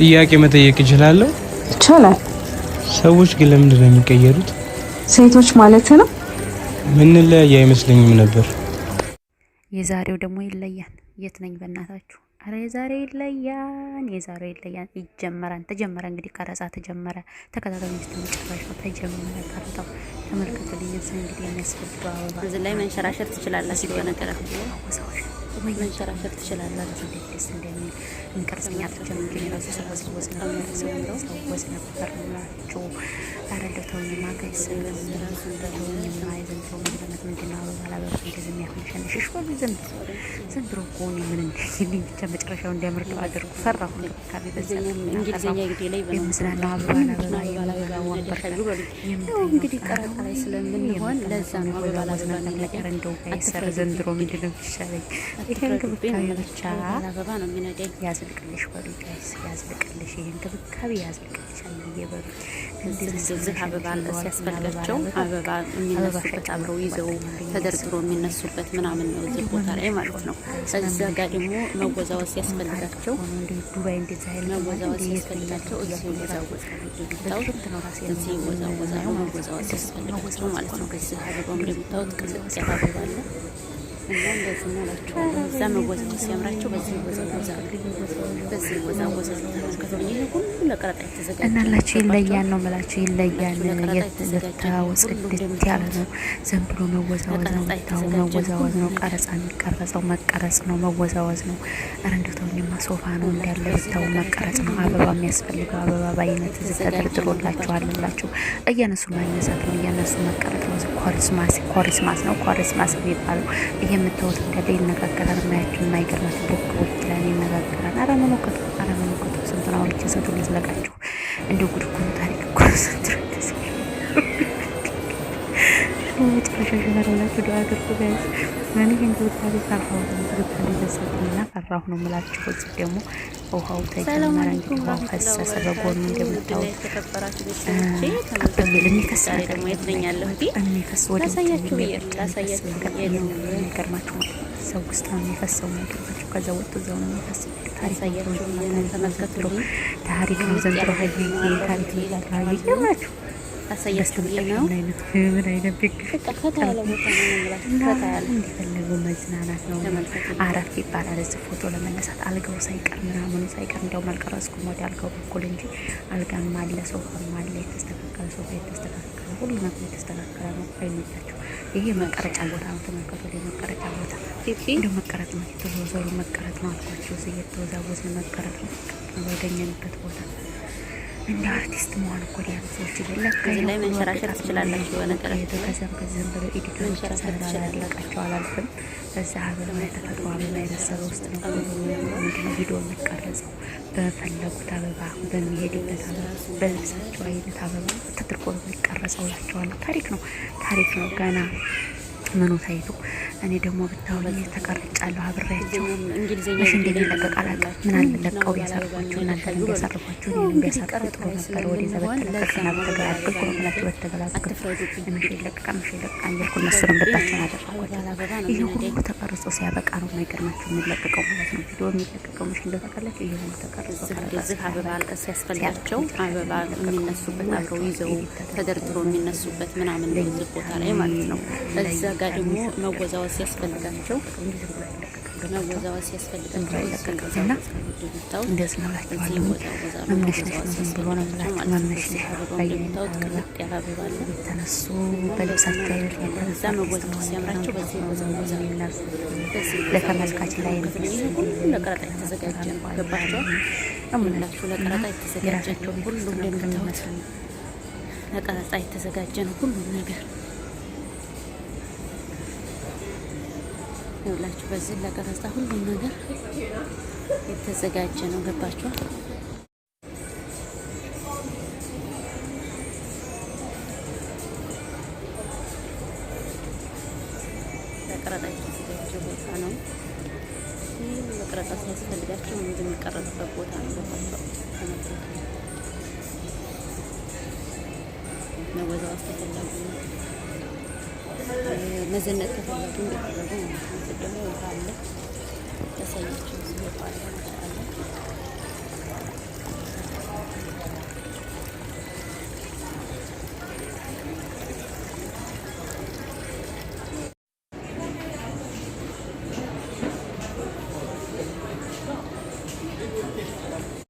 ጥያቄ መጠየቅ እችላለሁ? ይቻላል። ሰዎች ግን ለምንድን ነው የሚቀየሩት? ሴቶች ማለት ነው። ምን ምንለያየ አይመስለኝም ነበር። የዛሬው ደግሞ ይለያል። የት ነኝ በእናታችሁ? አረ የዛሬ ይለያን፣ የዛሬ ይለያን። ይጀመራን ተጀመረ እንግዲህ ቀረጻ ተጀመረ። ተከታታይ ሚስት መጨረሻው ተጀመረ። ቀረጣው ተመልከቱ። ልዩስ እንግዲህ የሚያስፈልገው አበባ እዚህ ላይ መንሸራሸር ትችላለህ ሲሆነ ቀረ መንሸራሸር ትችላላችሁ። ደስ እንደሚል እንቅርጽኛ ተጀምሩ የራሱ ሰዎች ሰዎች ነበር ናቸው። ኧረ እንደው ተውኝማ ገስ ተውኝማ ዝም ሰው ምንድነት ምንድነው አበባ ላበባ እንደዚህ ዘንድሮ እኮ እኔ ምን እንደሚልኝ ብቻ መጨረሻው እንዲያምርደው አድርጉ። ፈራሁ እንክብካቤ በዛ የምዝናናው አበባ ላበባ ይመርጣል። ያው እንግዲህ ቀረጣ ላይ ስለምንሆን ለዛ ነው አበባላዝናና ነገር እንደው አይሰር ዘንድሮ ምንድን ነው ይሻለኝ ይሄን ክብካቤ ብቻ አበባ ነው የሚነደኝ። ያዝልቅልሽ በሉ ጋይስ፣ ያዝልቅልሽ፣ ይሄን ክብካቤ ያዝልቅልሽ አየየ በሉ። እዚህ አበባ ሲያስፈልጋቸው አበባ የሚነሱበት አብረው ይዘው ተደርድሮ የሚነሱበት ምናምን ነው እዚህ ቦታ ላይ ማለት ነው። እዛ ጋ ደግሞ መወዛወዝ ሲያስፈልጋቸው መወዛወዝ ሲያስፈልጋቸው እዚሁ ይወዛወዛሉ። ጊዜ ወዛ ወዛ ነው ሲወዛወዛሉ ወዛ ያስፈልጋቸው ማለት ነው። ከዚህ አበባ እንደምታወት ቅዝቅ ያለ አበባ አለ እና እንደዚህ ናላቸው። እዛ መወዛወዝ ሲያምራቸው በዚህ ወዛ እናላችሁ ይለያል ነው ምላችሁ ይለያል። የታወስ ቅድት ያለ ነው። ዝም ብሎ መወዛወዝ ነው ታው መወዛወዝ ነው። ቀረጻ የሚቀረጸው መቀረጽ ነው፣ መወዛወዝ ነው። ኧረ ሶፋ ነው እንዳለ ብታው መቀረጽ ነው። አበባ የሚያስፈልገው አበባ በአይነት ተደርድሮላችኋል ላችሁ እየነሱ ማነሳት ነው፣ እየነሱ መቀረጥ ነው። ኮሪስማስ ኮሪስማስ ነው ኮሪስማስ የሚባለው ይህ የምታወት እንዳለ ይነጋገራል። ማያችሁ የማይገርማችሁ ቦክቦች ሞቀቱ ኧረ ሞክሩ። ስንት ነው አውርቼ ልዝለቃችሁ። እንደ ጉድ እኮ ነው ታሪክ እኮ ነው። ስንት ነው መጨረሻ ሽመረላችሁ ደ አድርጉ ጋይዝ። እኔ ይህን ትውታቤ ፈራሁ ትውታቤ ደሰብኝና ፈራሁ ነው ምላችሁ እዚህ ደግሞ ውሃው ተጀመረ። እንግዲህ ውሃው ፈሰሰ በጎኑ እንደምታዩት ቀበል የሚፈስ የሚፈስ ወደ የሚገርማችሁ ሰው ውስጥ ነው የሚፈሰው ነገር ከዛ ወጥቶ እዛው ነው የሚፈሰው አሳያችሁ ተመልከቱ። ታሪክ ነው ዘንድሮ ሀይ ታሪክ ይላል ይላችሁ አሳያችሁ ብዬ ነው። ምን አይነት ቤት ፈታ መዝናናት ነው። አረፍ ይባላል። እዚህ ፎቶ ለመነሳት አልጋው ሳይቀር ምናምኑ ሳይቀር እንደውም አልቀረጽኩም ወደ አልጋው በኩል እንጂ አልጋም አለ፣ ሶፋም አለ። የተስተካከለ ሶፋ፣ የተስተካከለ ሁሉ ነገር የተስተካከለ ነው። አይመቻችሁ። ይሄ መቀረጫ ቦታ ነው። ተመልከቱ፣ መቀረጫ ቦታ እንደ መቀረጥ ነው። የተወዘሩ መቀረጥ ነው አልኳቸው። እየተወዛወዝን መቀረጥ ነው። ወደኛንበት ቦታ እና አርቲስት መሆን እኮ ያሉ ሰዎች በላቸው ላይ መንሸራሸር ትችላላችሁ። የሆነ ጥረት ከዚም ከዚህም ብለው ኤዲቶች አላልፍም። በዛ ሀገር ላይ አበባ የመሰለ ውስጥ ነው ምንድነው ቪዲዮ የሚቀረጸው በፈለጉት አበባ በሚሄድበት አበባ በልብሳቸው አይነት አበባ ተደርጎ የሚቀረጸው ላቸዋለሁ። ታሪክ ነው ታሪክ ነው ገና ምኑ ታይቶ እኔ ደግሞ ብታውኝ ተቀርጫለሁ። አብሬያቸው እሺ እንደሚለቀቅ አላውቅም። ምናለ ለቀው ቢያሳርፏችሁ እናንተንም ቢያሳርፏችሁ እኔንም ቢያሳርፉ ጥሩ ነበር። ወደዛ በተለቀቅና በተገላገልኩ ሁላችሁ በተገላገልኩ ምሽ ይለቀቃ ምሽ ይለቀቃ እያልኩ እነሱንም ልባቸውን አደረኳቸው። ይህ ሁሉ ተቀርጾ ሲያበቃ ነው የማይገርማችሁ የሚለቀቀው ማለት ነው። ቪዲዮ የሚለቀቀው ምሽ እንደተቀላቸው ይህ ሁሉ ተቀርጾ ዚህ አበባ አልቀስ ያስፈልጋቸው አበባ የሚነሱበት አብረው ይዘው ተደርድሮ የሚነሱበት ምናምን ቦታ ላይ ማለት ነው እዛ ጋር ደግሞ መወዛወዝ ያስፈልጋቸው መወዛወዝ ያስፈልጋቸው ለተመልካች ላይ ለቀረጣ የተዘጋጀ ገባቸው ለቀረጣ ሁሉም ለቀረጣ የተዘጋጀ ነው ሁሉም ነገር ይውላችሁ በዚህ ለቀረጻ ሁሉም ነገር የተዘጋጀ ነው። ገባችኋል? ለቀረጻ የተዘጋጀ ቦታ ነው። ይህ ለቀረጻ ሲያስፈልጋቸው ቦታ ነው። ነው ወዛ ما زلنا كفاية